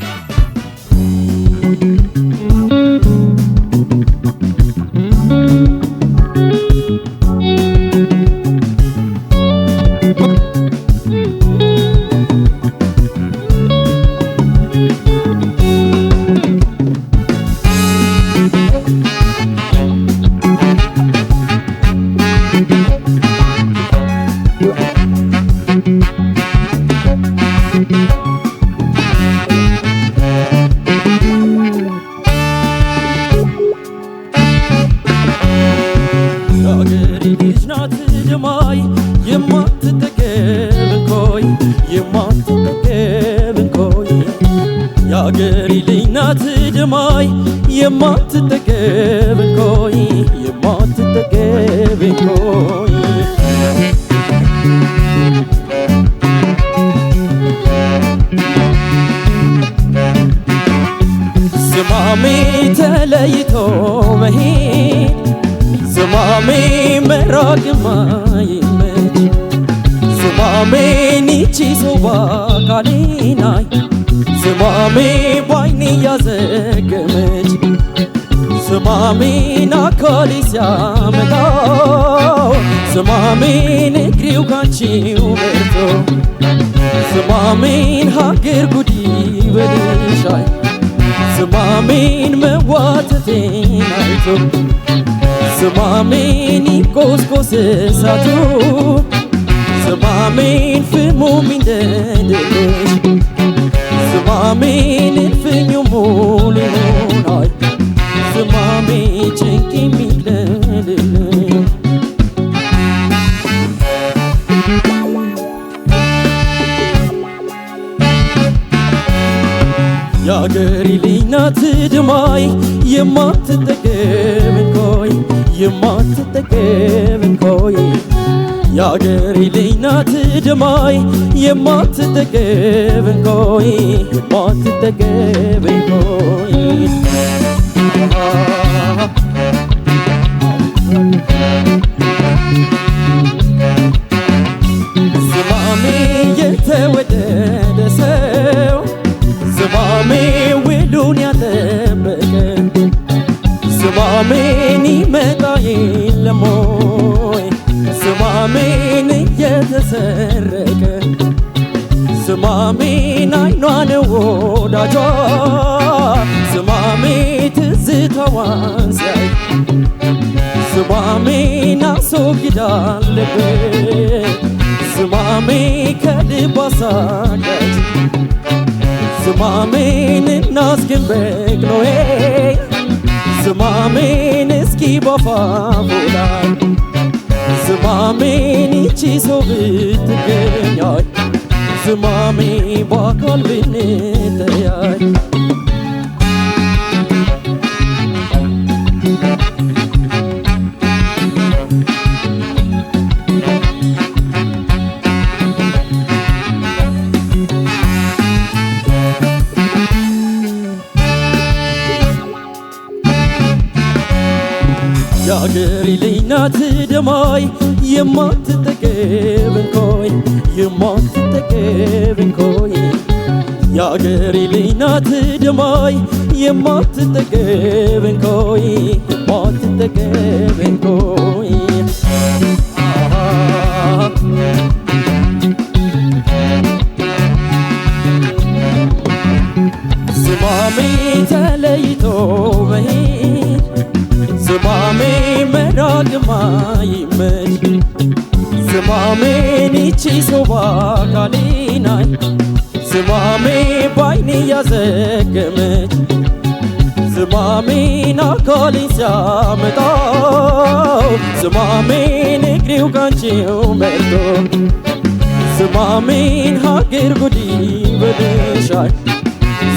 Yeah. ዳግማይመች ስማሜኒቺ ሶባ ካሌናይ ዝማሜ ባይን ያዘገመች ዝማሜን አካሌ ሲያመጣው ዝማሜን እግሬው ካንቺው መርቶ ዝማሜን ሀገር ጉዲ በልሻይ ስማሜን መዋተቴን አይቶ ስማሜን ይቆስቆስ እሳቱ ስማሜን ፍሙ ሚንደድልሽ ስማሜን የማይ የማትጠገብ እንቆይ የማትጠገብ እንቆይ ዝማሜ የተወደደ ሰው ዝማሜ ውሉን ያጠበቀ ዝማሜን ይመጣ የለሞይ ዝማሜ ወዳጇ ዝማሜ ትዝታዋን ሳይ ዝማሜን ስማሜ ዝማሜ ከልብ አሳቃች ዝማሜን እናስግን በቅሎዬ ዝማሜን እስኪ ባፋ ሞላ ዝማሜን ይቺ ሰው ብትገኛል በህማሜ በአካል ብንተያይ የአገሬ ልጅ ናት ደማይ የማትጠገብንኮይ የማትጠገብንኮይ የአገሬ ልጅ ናት ደማይ የማትጠገብንኮይ የማትጠገብንኮይ ዝማሜ ተለይቶ መሄድ ዝማሜ መዳግማ ይመድ ዝማሜን ይቺ ሶባ ካሊናይ ዝማሜ ባይን ያዘገመች ዝማሜን አካሌን ሲያመጣው ዝማሜን እግሬው ቃንቼው መርቶ ዝማሜን ሀገር ጉዲ በደሻይ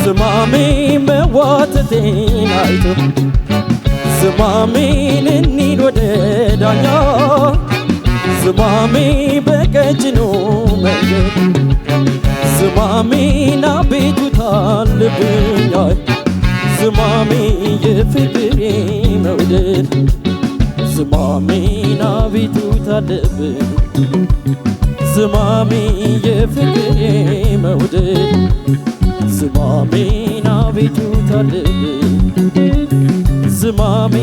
ዝማሜን መዋተቴን አይቶ ዝማሜን እኒድ ወደ ዳኛ ዝማሜ በቀጭኑ መንገድ ዝማሜን አቤቱታ አለብኛል ዝማሜ የፍቅሬ መውደድ ዝማሜን አቤቱታ አለብኝ ዝማሜ የፍቅሬ መውደድ ዝማሜን አቤቱታ አለብኝ ዝማሜ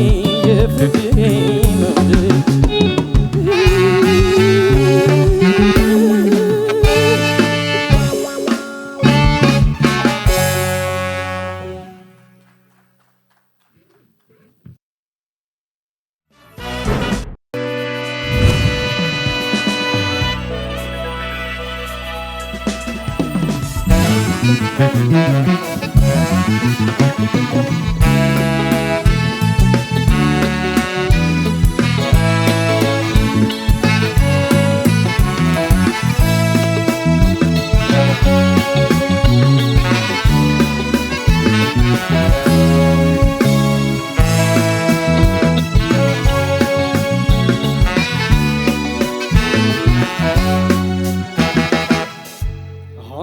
የፍቅሬ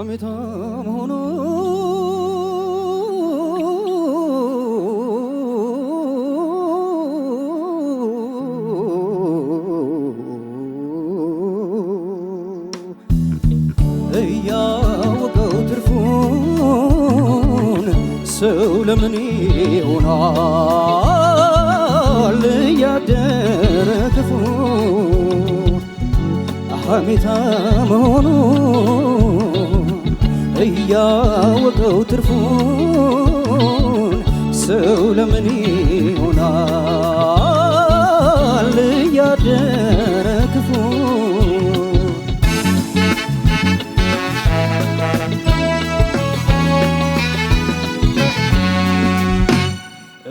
আমি তো মনো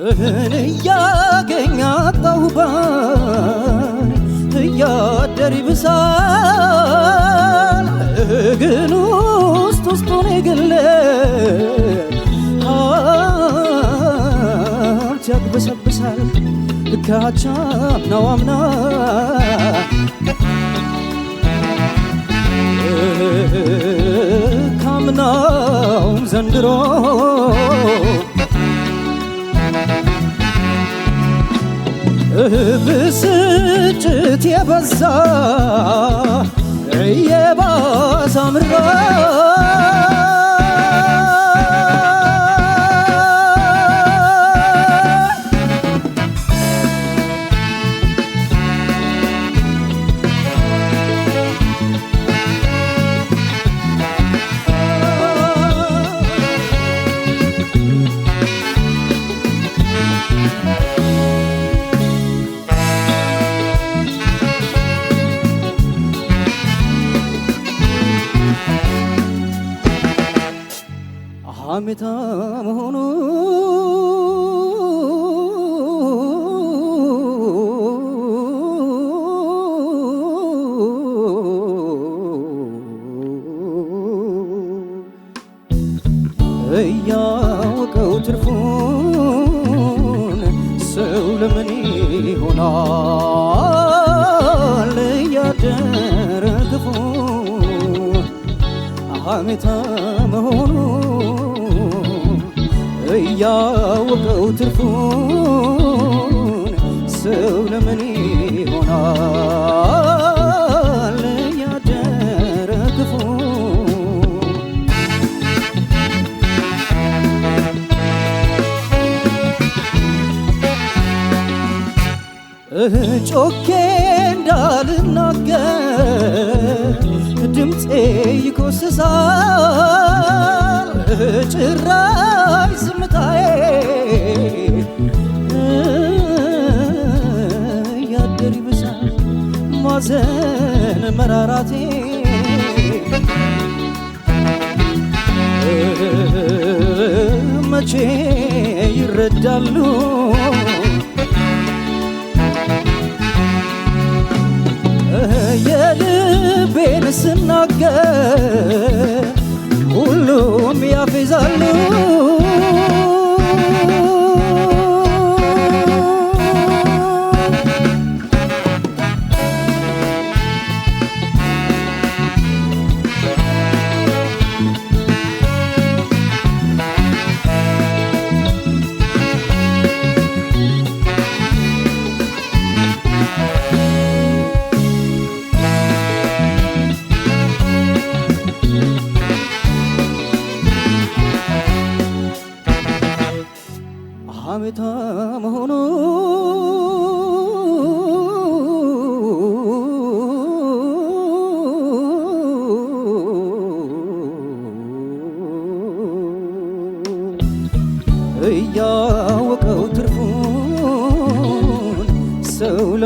ፍቅርህን እያገኝ አጣሁባል እያደር ይብሳል ግን ውስጥ ውስጡን የግለ ሀብት ያግበሰብሳል ካቻምናው አምና ካምናውም ዘንድሮ ብስጭት የበዛ እየባሰ አምራ ሁኔታ መሆኑ እያወቀው ትርፉን ሰው ለምን ይሆናል እያደረ ክፉ ሐሜታ መሆኑ ያወቀው ትርፉን ሰው ለምን ይሆናል ያደረ ክፉ? ጮኬ እንዳልናገር ድምፄ ይኮስሳል ጭራ ሐዘን መራራቴ መቼ ይረዳሉ የልቤን ስናገር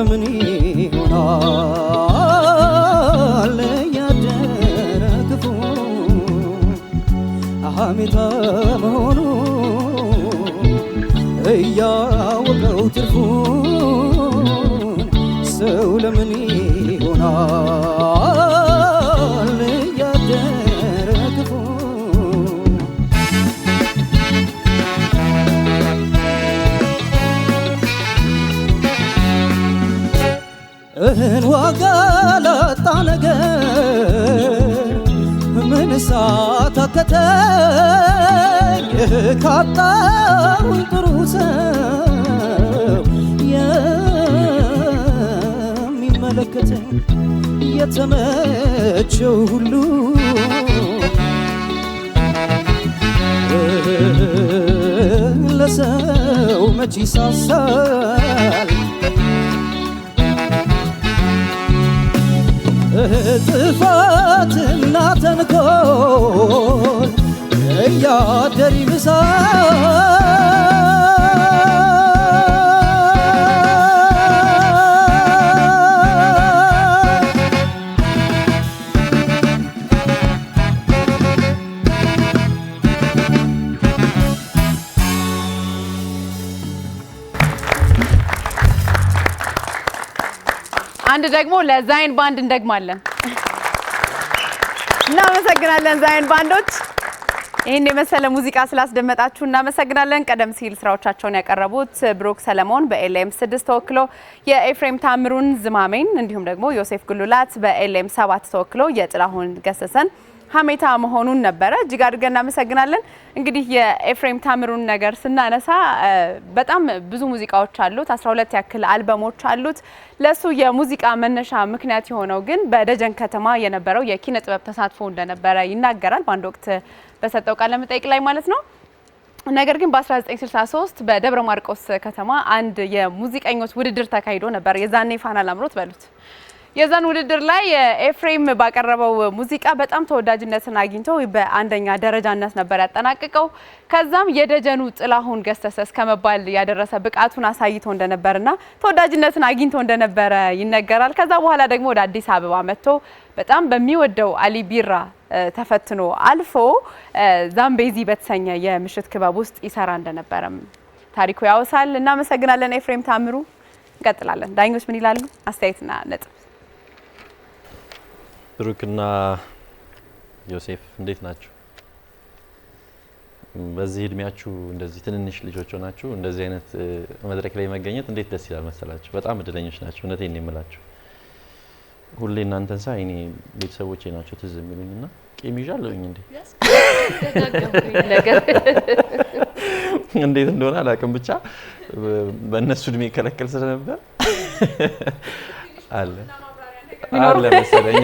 እንደምን ይሆናል ያደረ ክፉ ሐሜታ መሆኑ እያወቀው ትርፉን ሰው ለምን ገለጣ ነገር ምን ሳታከተኝ ካጣሁኝ ጥሩ ሰው የሚመለከተኝ የተመቸው ሁሉ ለሰው መች ይሳሳል ጥፋትና ተንኮል እያደር ይብሳል አንድ ደግሞ ለዛይን ባንድ እንደግማለን። እናመሰግናለን ዛይን ባንዶች ይህን የመሰለ ሙዚቃ ስላስደመጣችሁ እናመሰግናለን። ቀደም ሲል ስራዎቻቸውን ያቀረቡት ብሩክ ሰለሞን በኤልኤም ስድስት ተወክሎ የኤፍሬም ታምሩን ዝማሜን እንዲሁም ደግሞ ዮሴፍ ጉሉላት በኤልኤም ሰባት ተወክሎ የጥላሁን ገሰሰን ሀሜታ መሆኑን ነበረ። እጅግ አድርገን እናመሰግናለን። እንግዲህ የኤፍሬም ታምሩን ነገር ስናነሳ በጣም ብዙ ሙዚቃዎች አሉት፣ 12 ያክል አልበሞች አሉት። ለሱ የሙዚቃ መነሻ ምክንያት የሆነው ግን በደጀን ከተማ የነበረው የኪነ ጥበብ ተሳትፎ እንደነበረ ይናገራል፣ በአንድ ወቅት በሰጠው ቃለ መጠይቅ ላይ ማለት ነው። ነገር ግን በ1963 በደብረ ማርቆስ ከተማ አንድ የሙዚቀኞች ውድድር ተካሂዶ ነበር። የዛኔ ፋና ላምሮት በሉት የዛን ውድድር ላይ ኤፍሬም ባቀረበው ሙዚቃ በጣም ተወዳጅነትን አግኝቶ በአንደኛ ደረጃነት ነበር ያጠናቅቀው። ከዛም የደጀኑ ጥላሁን ገሰሰ እስከመባል ያደረሰ ብቃቱን አሳይቶ እንደነበርና ተወዳጅነትን አግኝቶ እንደነበረ ይነገራል። ከዛ በኋላ ደግሞ ወደ አዲስ አበባ መጥቶ በጣም በሚወደው አሊ ቢራ ተፈትኖ አልፎ ዛምቤዚ በተሰኘ የምሽት ክበብ ውስጥ ይሰራ እንደነበረም ታሪኩ ያወሳል። እናመሰግናለን ኤፍሬም ታምሩ። እንቀጥላለን። ዳኞች ምን ይላሉ? አስተያየትና ነጥብ ብሩክና ዮሴፍ እንዴት ናችሁ? በዚህ እድሜያችሁ እንደዚህ ትንንሽ ልጆች ሆናችሁ እንደዚህ አይነት መድረክ ላይ መገኘት እንዴት ደስ ይላል መሰላችሁ። በጣም እድለኞች ናቸው። እውነቴን ነው የምላችሁ። ሁሌ እናንተን ሳይ እኔ ቤተሰቦቼ ናቸው ትዝ የሚሉኝ እና ቂም ይዣለሁኝ እንዴ እንዴት እንደሆነ አላውቅም። ብቻ በእነሱ እድሜ ይከለከል ስለነበር አለ አለ መሰለኝ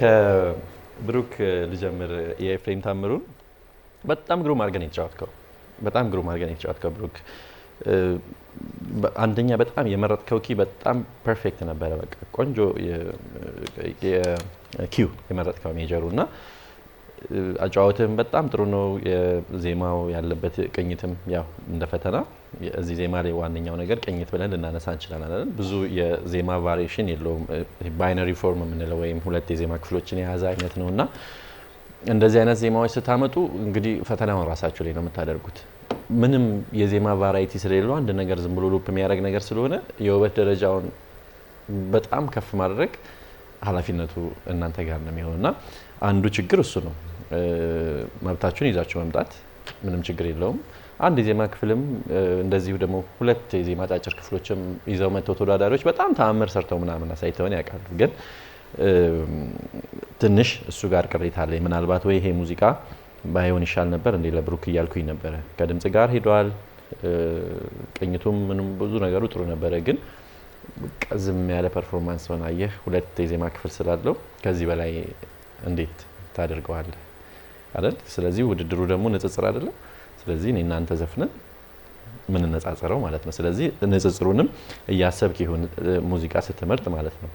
ከብሩክ ልጀምር። የኤፍሬም ታምሩን በጣም ግሩም አድርገን የተጫወትከው በጣም ግሩም አድርገን የተጫወትከው ብሩክ አንደኛ በጣም የመረጥከው ኪ በጣም ፐርፌክት ነበረ። በቃ ቆንጆ ኪው የመረጥከው ሜጀሩ እና አጫወትም በጣም ጥሩ ነው። ዜማው ያለበት ቅኝትም ያው እንደ ፈተና እዚህ ዜማ ላይ ዋነኛው ነገር ቅኝት ብለን ልናነሳ እንችላለን። ብዙ የዜማ ቫሪሽን የለውም። ባይነሪ ፎርም የምንለው ወይም ሁለት የዜማ ክፍሎችን የያዘ አይነት ነው እና እንደዚህ አይነት ዜማዎች ስታመጡ እንግዲህ ፈተናውን ራሳችሁ ላይ ነው የምታደርጉት። ምንም የዜማ ቫራይቲ ስለሌለው አንድ ነገር ዝም ብሎ ሉፕ የሚያደርግ ነገር ስለሆነ የውበት ደረጃውን በጣም ከፍ ማድረግ ኃላፊነቱ እናንተ ጋር ነው የሚሆን አንዱ ችግር እሱ ነው። መብታችሁን ይዛችሁ መምጣት ምንም ችግር የለውም። አንድ የዜማ ክፍልም እንደዚሁ ደግሞ ሁለት የዜማ አጫጭር ክፍሎችም ይዘው መጥተው ተወዳዳሪዎች በጣም ተአምር ሰርተው ምናምን አሳይተውን ያውቃሉ። ግን ትንሽ እሱ ጋር ቅሬታ አለኝ። ምናልባት ወይ ይሄ ሙዚቃ ባይሆን ይሻል ነበር እንዴ ለብሩክ እያልኩኝ ነበረ። ከድምፅ ጋር ሄደዋል። ቅኝቱም ምንም ብዙ ነገሩ ጥሩ ነበረ ግን ቀዝም ያለ ፐርፎርማንስ ሆና አየህ። ሁለት የዜማ ክፍል ስላለው ከዚህ በላይ እንዴት ታደርገዋለህ አይደል? ስለዚህ ውድድሩ ደግሞ ንጽጽር አይደለም። ስለዚህ እኔ እናንተ ዘፍነን ምንነጻጸረው ማለት ነው። ስለዚህ ንጽጽሩንም እያሰብክ ይሁን ሙዚቃ ስትመርጥ ማለት ነው።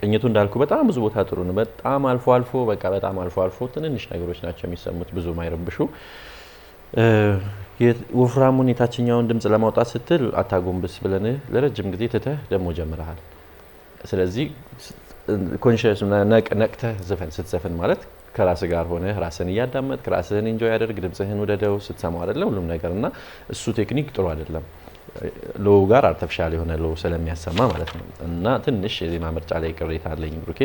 ቅኝቱ እንዳልኩ በጣም ብዙ ቦታ ጥሩ ነው። በጣም አልፎ አልፎ በቃ በጣም አልፎ አልፎ ትንንሽ ነገሮች ናቸው የሚሰሙት ብዙ ማይረብሹ ወፍራሙን የታችኛውን ድምፅ ለማውጣት ስትል አታጎንብስ ብለን ለረጅም ጊዜ ትተህ ደግሞ ጀምረሃል። ስለዚህ ኮንሽስ ነቅተህ ዘፈን ስትዘፍን ማለት ከራስ ጋር ሆነ ራስን እያዳመጥ ራስህን እንጆ ያደርግ ድምፅህን ውደደው ስትሰማው አደለ ሁሉም ነገር እና እሱ ቴክኒክ ጥሩ አይደለም። ሎው ጋር አርተፍሻል የሆነ ሎው ስለሚያሰማ ማለት ነው። እና ትንሽ የዜማ ምርጫ ላይ ቅሬታ አለኝ ብሩኬ።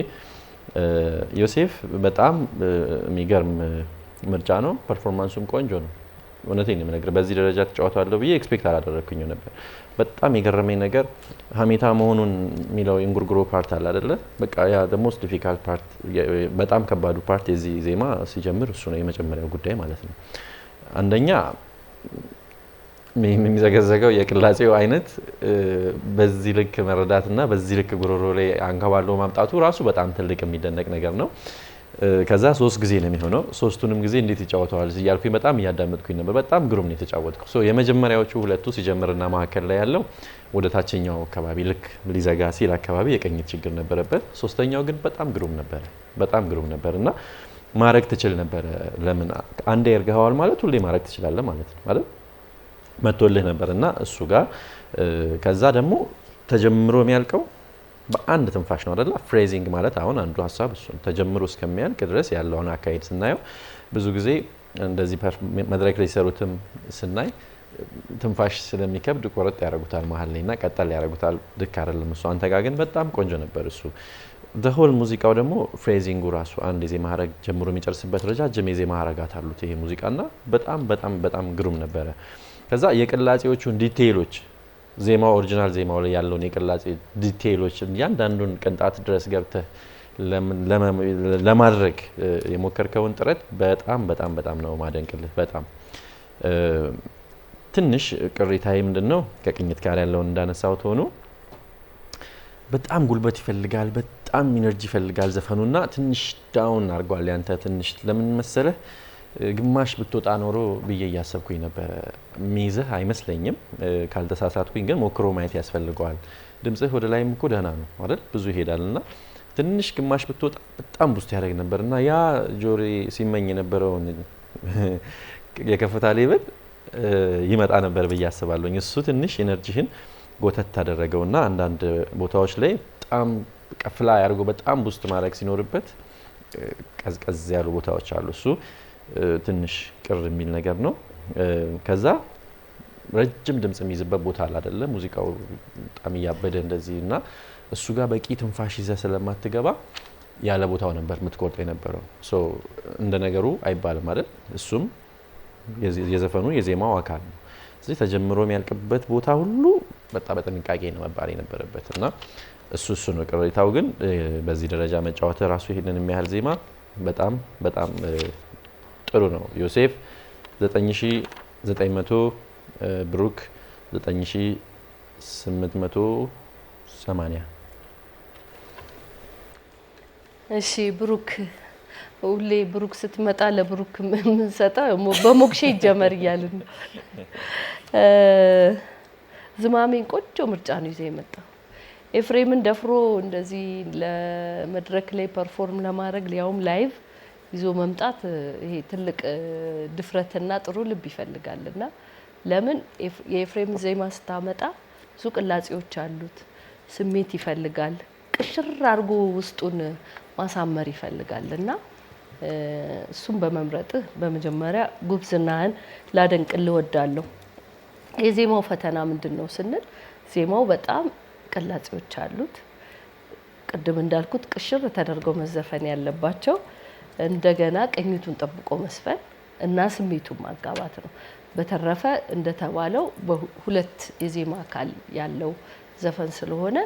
ዮሴፍ በጣም የሚገርም ምርጫ ነው። ፐርፎርማንሱም ቆንጆ ነው። እውነቴን ነው የምነግርህ በዚህ ደረጃ ተጫወታለሁ ብዬ ኤክስፔክት አላደረግኩኝ ነበር። በጣም የገረመኝ ነገር ሀሜታ መሆኑን የሚለው የእንጉርጉሮ ፓርት አለ አደለ? በቃ ያ ሞስት ዲፊካልት ፓርት፣ በጣም ከባዱ ፓርት የዚህ ዜማ ሲጀምር እሱ ነው የመጀመሪያው ጉዳይ ማለት ነው። አንደኛ የሚዘገዘገው የቅላጼው አይነት በዚህ ልክ መረዳትና በዚህ ልክ ጉሮሮ ላይ አንከባሎ ማምጣቱ ራሱ በጣም ትልቅ የሚደነቅ ነገር ነው። ከዛ ሶስት ጊዜ ነው የሚሆነው። ሶስቱንም ጊዜ እንዴት ይጫወተዋል እያልኩኝ በጣም እያዳመጥኩኝ ነበር። በጣም ግሩም ነው የተጫወትኩ። የመጀመሪያዎቹ ሁለቱ ሲጀምርና መካከል ላይ ያለው ወደ ታችኛው አካባቢ ልክ ሊዘጋ ሲል አካባቢ የቅኝት ችግር ነበረበት። ሶስተኛው ግን በጣም ግሩም ነበረ፣ በጣም ግሩም ነበር እና ማድረግ ትችል ነበረ። ለምን አንዴ እርግኸዋል ማለት ሁሌ ማድረግ ትችላለ ማለት ነው ማለት መቶልህ ነበር እና እሱ ጋር ከዛ ደግሞ ተጀምሮ የሚያልቀው በአንድ ትንፋሽ ነው አደላ። ፍሬዚንግ ማለት አሁን አንዱ ሀሳብ እሱ ተጀምሮ እስከሚያልቅ ድረስ ያለውን አካሄድ ስናየው ብዙ ጊዜ እንደዚህ መድረክ ላይ ሲሰሩትም ስናይ ትንፋሽ ስለሚከብድ ቆረጥ ያደርጉታል መሀል ላይ እና ቀጠል ያደርጉታል። ልክ አደለም እሱ። አንተ ጋ ግን በጣም ቆንጆ ነበር እሱ ደሆል ሙዚቃው ደግሞ ፍሬዚንጉ ራሱ አንድ የዜማ ሀረግ ጀምሮ የሚጨርስበት ረጃጅም የዜማ ሀረጋት አሉት ይሄ እና በጣም በጣም በጣም ግሩም ነበረ። ከዛ የቅላጼዎቹን ዲቴይሎች ዜማው ኦሪጂናል ዜማው ላይ ያለውን የቅላጼ ዲቴይሎች እያንዳንዱን ቅንጣት ድረስ ገብተህ ለማድረግ የሞከርከውን ጥረት በጣም በጣም በጣም ነው ማደንቅልህ። በጣም ትንሽ ቅሬታዬ ምንድን ነው ከቅኝት ጋር ያለውን እንዳነሳሁት ሆኖ በጣም ጉልበት ይፈልጋል፣ በጣም ኢነርጂ ይፈልጋል ዘፈኑና ትንሽ ዳውን አድርጓል። ያንተ ትንሽ ለምን መሰለህ ግማሽ ብትወጣ ኖሮ ብዬ እያሰብኩኝ ነበረ። ሚይዝህ አይመስለኝም። ካልተሳሳትኩኝ ግን ሞክሮ ማየት ያስፈልገዋል። ድምፅህ ወደ ላይም እኮ ደህና ነው አይደል? ብዙ ይሄዳል እና ትንሽ ግማሽ ብትወጣ በጣም ቡስት ያደርግ ነበር እና ያ ጆሬ ሲመኝ የነበረውን የከፍታ ሌብል ይመጣ ነበር ብዬ አስባለሁኝ። እሱ ትንሽ ኤነርጂህን ጎተት ታደረገው እና አንዳንድ ቦታዎች ላይ በጣም ቀፍላ ያድርጎ በጣም ቡስት ማድረግ ሲኖርበት ቀዝቀዝ ያሉ ቦታዎች አሉ እሱ ትንሽ ቅር የሚል ነገር ነው። ከዛ ረጅም ድምጽ የሚይዝበት ቦታ አለ ሙዚቃው በጣም እያበደ እንደዚህ እና እሱ ጋር በቂ ትንፋሽ ይዘ ስለማትገባ ያለ ቦታው ነበር የምትቆርጠው የነበረው። እንደ ነገሩ አይባልም አይደል? እሱም የዘፈኑ የዜማው አካል ነው። ስለዚህ ተጀምሮ የሚያልቅበት ቦታ ሁሉ በጣም በጥንቃቄ ነው መባል የነበረበት እና እሱ እሱ ነው ቅሬታው። ግን በዚህ ደረጃ መጫወት ራሱ ይሄንን የሚያህል ዜማ በጣም በጣም ጥሩ ነው። ዮሴፍ 9900 ብሩክ 9880 እሺ ብሩክ ሁሌ ብሩክ ስትመጣ ለብሩክ የምንሰጠው በሞክሼ ይጀመር እያልን ነው። ዝማሜን ቆንጆ ምርጫ ነው ይዘ የመጣው ኤፍሬምን ደፍሮ እንደዚህ ለመድረክ ላይ ፐርፎርም ለማድረግ ያውም ላይቭ ይዞ መምጣት ይሄ ትልቅ ድፍረትና ጥሩ ልብ ይፈልጋልና ለምን የኤፍሬም ዜማ ስታመጣ ብዙ ቅላጼዎች አሉት። ስሜት ይፈልጋል። ቅሽር አድርጎ ውስጡን ማሳመር ይፈልጋል እና እሱም በመምረጥህ በመጀመሪያ ጉብዝናህን ላደንቅልህ እወዳለሁ። የዜማው ፈተና ምንድን ነው ስንል ዜማው በጣም ቅላጼዎች አሉት። ቅድም እንዳልኩት ቅሽር ተደርገው መዘፈን ያለባቸው እንደገና ቅኝቱን ጠብቆ መስፈን እና ስሜቱን ማጋባት ነው። በተረፈ እንደተባለው ሁለት የዜማ አካል ያለው ዘፈን ስለሆነ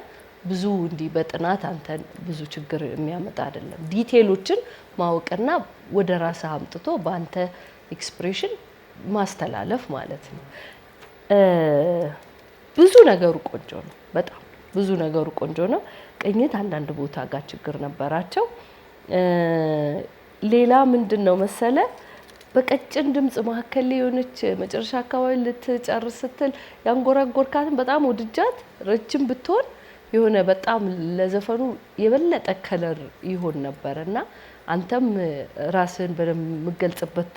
ብዙ እንዲህ በጥናት አንተን ብዙ ችግር የሚያመጣ አይደለም። ዲቴሎችን ማወቅና ወደ ራስህ አምጥቶ በአንተ ኤክስፕሬሽን ማስተላለፍ ማለት ነው። ብዙ ነገሩ ቆንጆ ነው። በጣም ብዙ ነገሩ ቆንጆ ነው። ቅኝት አንዳንድ ቦታ ጋር ችግር ነበራቸው። ሌላ ምንድን ነው መሰለ በቀጭን ድምፅ መካከል የሆነች መጨረሻ አካባቢ ልትጨርስ ስትል ያንጎራጎርካትን በጣም ወድጃት፣ ረጅም ብትሆን የሆነ በጣም ለዘፈኑ የበለጠ ከለር ይሆን ነበር እና አንተም ራስን በደንብ የምገልጽበት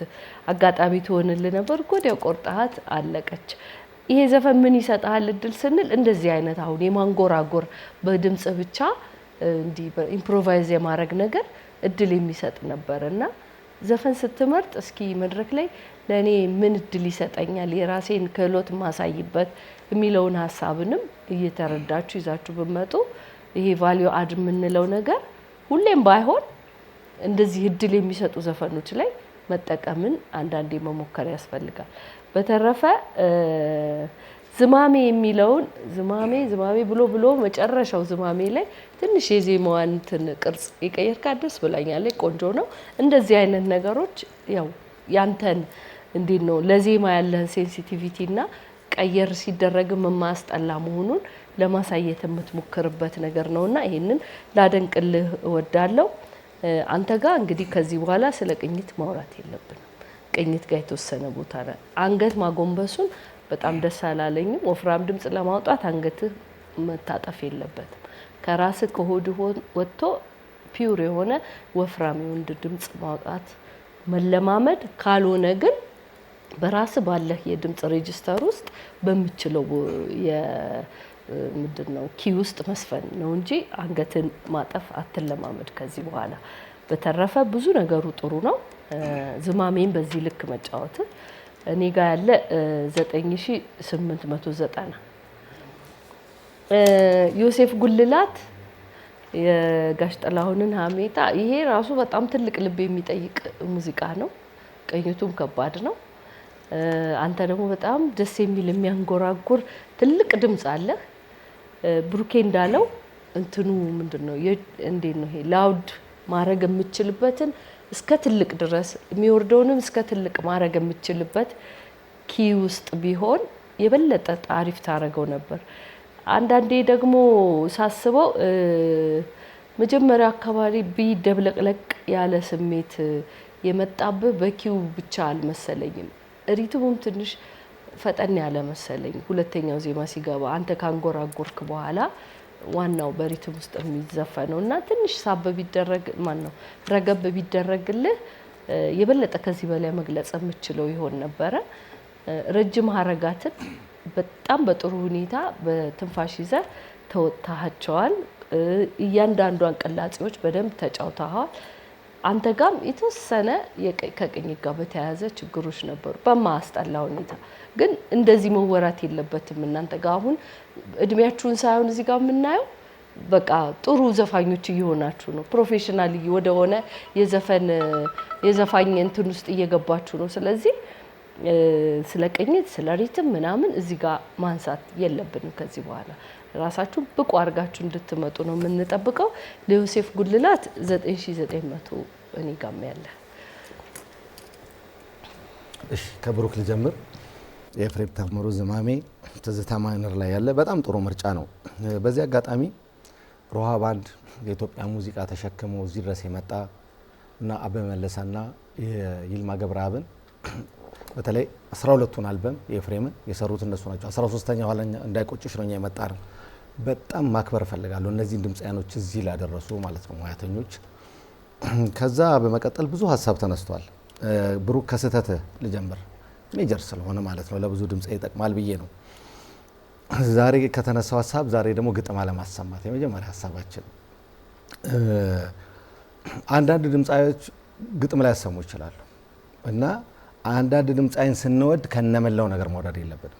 አጋጣሚ ትሆንል ነበር። ወዲያው ቆርጣሃት አለቀች። ይሄ ዘፈን ምን ይሰጠሃል እድል ስንል እንደዚህ አይነት አሁን የማንጎራጎር በድምጽ ብቻ እንዲህ ኢምፕሮቫይዝ የማድረግ ነገር እድል የሚሰጥ ነበር እና ዘፈን ስትመርጥ እስኪ መድረክ ላይ ለእኔ ምን እድል ይሰጠኛል፣ የራሴን ክህሎት ማሳይበት የሚለውን ሀሳብንም እየተረዳችሁ ይዛችሁ ብመጡ ይሄ ቫሊዩ አድ የምንለው ነገር ሁሌም ባይሆን እንደዚህ እድል የሚሰጡ ዘፈኖች ላይ መጠቀምን አንዳንዴ መሞከር ያስፈልጋል። በተረፈ ዝማሜ የሚለውን ዝማሜ ዝማሜ ብሎ ብሎ መጨረሻው ዝማሜ ላይ ትንሽ የዜማዋን እንትን ቅርጽ የቀየርካት ደስ ብላኛለች። ቆንጆ ነው። እንደዚህ አይነት ነገሮች ያው ያንተን እንዴት ነው ለዜማ ያለህን ሴንሲቲቪቲ እና ቀየር ሲደረግም የማያስጠላ መሆኑን ለማሳየት የምትሞክርበት ነገር ነው እና ይህንን ላደንቅልህ እወዳለሁ። አንተ ጋር እንግዲህ ከዚህ በኋላ ስለ ቅኝት ማውራት የለብንም። ቅኝት ጋር የተወሰነ ቦታ አንገት ማጎንበሱን በጣም ደስ አላለኝም። ወፍራም ድምጽ ለማውጣት አንገትህ መታጠፍ የለበትም። ከራስ ከሆድህ ወጥቶ ፒውር የሆነ ወፍራም የወንድ ድምጽ ማውጣት መለማመድ ካልሆነ ግን በራስ ባለህ የድምፅ ሬጅስተር ውስጥ በምችለው ምንድን ነው ኪ ውስጥ መስፈን ነው እንጂ አንገትን ማጠፍ አትለማመድ ከዚህ በኋላ። በተረፈ ብዙ ነገሩ ጥሩ ነው። ዝማሜን በዚህ ልክ መጫወት እኔ ጋር ያለ 9890 ዮሴፍ ጉልላት የጋሽ ጥላሁንን ሀሜታ ይሄ ራሱ በጣም ትልቅ ልብ የሚጠይቅ ሙዚቃ ነው። ቅኝቱም ከባድ ነው። አንተ ደግሞ በጣም ደስ የሚል የሚያንጎራጉር ትልቅ ድምፅ አለህ። ብሩኬ እንዳለው እንትኑ ምንድን ነው? እንዴት ነው ይሄ ላውድ ማድረግ የምችልበትን እስከ ትልቅ ድረስ የሚወርደውንም እስከ ትልቅ ማድረግ የምችልበት ኪ ውስጥ ቢሆን የበለጠ አሪፍ ታደረገው ነበር። አንዳንዴ ደግሞ ሳስበው መጀመሪያ አካባቢ ቢ ደብለቅለቅ ያለ ስሜት የመጣብህ በኪው ብቻ አልመሰለኝም። ሪትሙም ትንሽ ፈጠን ያለ መሰለኝ። ሁለተኛው ዜማ ሲገባ አንተ ካንጎራጎርክ በኋላ ዋናው በሪትም ውስጥ የሚዘፈነው እና ትንሽ ሳብ ቢደረግ ማን ነው ረገብ ቢደረግልህ የበለጠ ከዚህ በላይ መግለጽ የምችለው ይሆን ነበረ። ረጅም ሀረጋትን በጣም በጥሩ ሁኔታ በትንፋሽ ይዘ ተወጥታቸዋል። እያንዳንዷን ቅላጼዎች በደንብ ተጫውተዋል። አንተ ጋም የተወሰነ ከቅኝት ጋር በተያያዘ ችግሮች ነበሩ፣ በማያስጠላ ሁኔታ ግን እንደዚህ መወራት የለበትም። እናንተ ጋር አሁን እድሜያችሁን ሳይሆን እዚህ ጋር የምናየው በቃ ጥሩ ዘፋኞች እየሆናችሁ ነው። ፕሮፌሽናል ወደሆነ የዘፈን የዘፋኝ እንትን ውስጥ እየገባችሁ ነው። ስለዚህ ስለ ቅኝት ስለ ሪትም ምናምን እዚህ ጋር ማንሳት የለብንም ከዚህ በኋላ ራሳችሁን ብቁ አድርጋችሁ እንድትመጡ ነው የምንጠብቀው። ለዮሴፍ ጉልላት 9900 እኔ ጋም ያለ። እሺ ከብሩክ ልጀምር። የፍሬም ታምሩ ዝማሜ ትዝታ ማይነር ላይ ያለ በጣም ጥሩ ምርጫ ነው። በዚህ አጋጣሚ ሮሃ ባንድ የኢትዮጵያ ሙዚቃ ተሸክሞ እዚህ ድረስ የመጣ እና አበበ መለሰና ይልማ ገብረአብን በተለይ አስራ ሁለቱን አልበም የፍሬምን የሰሩት እነሱ ናቸው አስራ ሶስተኛ ኋላ እንዳይቆጭሽ ነው የመጣ ነው። በጣም ማክበር እፈልጋለሁ እነዚህን ድምፃያኖች እዚህ ላደረሱ ማለት ነው ሙያተኞች። ከዛ በመቀጠል ብዙ ሀሳብ ተነስቷል። ብሩክ ከስህተት ልጀምር ሜጀር ስለሆነ ማለት ነው ለብዙ ድምፅ ይጠቅማል ብዬ ነው ዛሬ ከተነሳው ሀሳብ ዛሬ ደግሞ ግጥም አለማሰማት የመጀመሪያ ሀሳባችን። አንዳንድ ድምፃዮች ግጥም ላይ ያሰሙ ይችላሉ እና አንዳንድ ድምፃይን ስንወድ ከነመላው ነገር መውደድ የለብንም።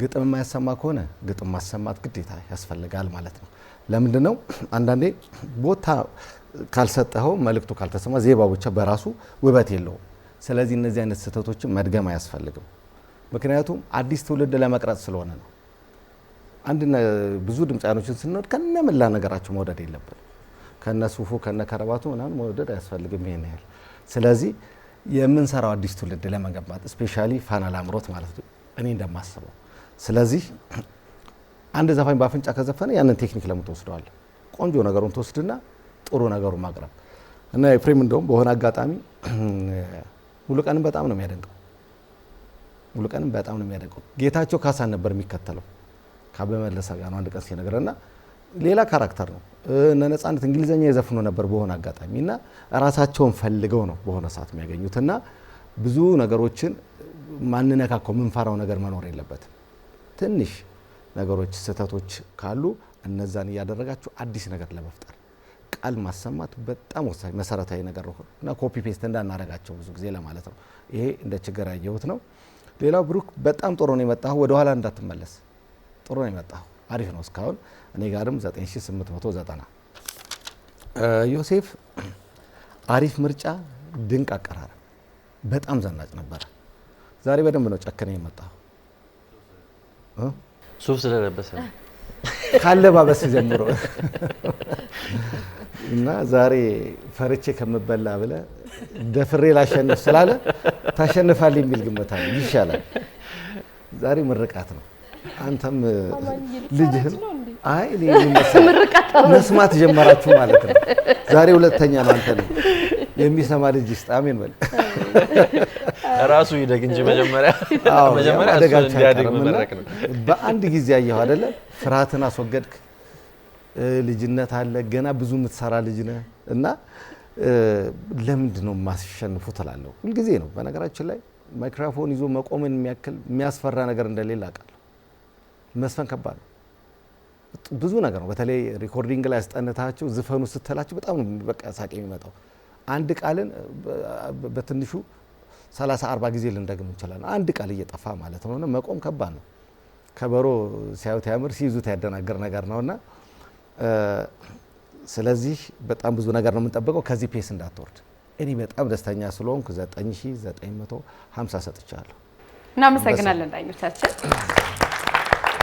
ግጥም የማያሰማ ከሆነ ግጥም ማሰማት ግዴታ ያስፈልጋል ማለት ነው። ለምንድን ነው አንዳንዴ ቦታ ካልሰጠኸው መልእክቱ ካልተሰማ ዜባ ብቻ በራሱ ውበት የለውም። ስለዚህ እነዚህ አይነት ስህተቶችን መድገም አያስፈልግም። ምክንያቱም አዲስ ትውልድ ለመቅረጽ ስለሆነ ነው። አንድ ብዙ ድምፃያኖችን ስንወድ ከነመላ ነገራቸው መውደድ የለብን። ከነ ሱፉ ከነ ከረባቱ ምናምን መውደድ አያስፈልግም ይሄን ያህል ስለዚህ የምንሰራው አዲስ ትውልድ ለመገንባት ስፔሻሊ ፋና ላምሮት ማለት ነው እኔ እንደማስበው። ስለዚህ አንድ ዘፋኝ በአፍንጫ ከዘፈነ ያንን ቴክኒክ ለምን ትወስደዋል? ቆንጆ ነገሩን ትወስድና ጥሩ ነገሩን ማቅረብ እና ኤፍሬም እንደውም በሆነ አጋጣሚ ሙሉቀንም በጣም ነው የሚያደንቀው ሙሉቀንም በጣም ነው የሚያደንቀው። ጌታቸው ካሳን ነበር የሚከተለው ከአበበ መለሰ ጋር ነው አንድ ቀን ሲነግረና ሌላ ካራክተር ነው። እነ ነጻነት እንግሊዘኛ የዘፍኑ ነበር በሆነ አጋጣሚ እና ራሳቸውን ፈልገው ነው በሆነ ሰዓት የሚያገኙት እና ብዙ ነገሮችን ማንነካከው ምንፈራው ነገር መኖር የለበትም። ትንሽ ነገሮች ስህተቶች ካሉ እነዛን እያደረጋችሁ አዲስ ነገር ለመፍጠር ቃል ማሰማት በጣም ወሳኝ መሰረታዊ ነገር እና ኮፒ ፔስት እንዳናረጋቸው ብዙ ጊዜ ለማለት ነው። ይሄ እንደ ችግር ያየሁት ነው። ሌላው ብሩክ በጣም ጥሩ ነው የመጣሁ። ወደኋላ እንዳትመለስ ጥሩ ነው የመጣሁ አሪፍ ነው። እስካሁን እኔ ጋርም 9890 ዮሴፍ አሪፍ ምርጫ፣ ድንቅ አቀራረብ፣ በጣም ዘናጭ ነበረ። ዛሬ በደንብ ነው ጨክነ የመጣው ሱፍ ስለለበሰ ካለባበስ ጀምሮ እና ዛሬ ፈርቼ ከምበላ ብለ ደፍሬ ላሸንፍ ስላለ ታሸንፋል የሚል ግምት ይሻላል። ዛሬ ምርቃት ነው። አንተም ልጅህም አይ እኔ መስማት ጀመራችሁ ማለት ነው። ዛሬ ሁለተኛ ነው። አንተ ነው የሚሰማ ልጅ ይስጥ። አሜን በል። ራሱ ይደግ እንጂ መጀመሪያ በአንድ ጊዜ አየሁ አደለ? ፍርሃትን አስወገድክ። ልጅነት አለ ገና ብዙ የምትሰራ ልጅ ነህ እና ለምንድ ነው የማስሸንፉ ትላለሁ። ሁልጊዜ ነው በነገራችን ላይ ማይክሮፎን ይዞ መቆምን የሚያክል የሚያስፈራ ነገር እንደሌለ አውቃለሁ። መስፈን ከባድ ነው። ብዙ ነገር ነው። በተለይ ሪኮርዲንግ ላይ ያስጠነታችሁ ዝፈኑ ስትላችሁ በጣም ነው በቃ ሳቅ የሚመጣው። አንድ ቃልን በትንሹ 30 40 ጊዜ ልንደግም እንችላለን። አንድ ቃል እየጠፋ ማለት ነው። መቆም ከባድ ነው። ከበሮ ሲያዩት ያምር ሲይዙት ያደናግር ነገር ነውና ስለዚህ በጣም ብዙ ነገር ነው የምንጠብቀው። ከዚህ ፔስ እንዳትወርድ። እኔ በጣም ደስተኛ ስለሆንኩ 9950 ሰጥቻለሁ። እናመሰግናለን ዳኞቻችን።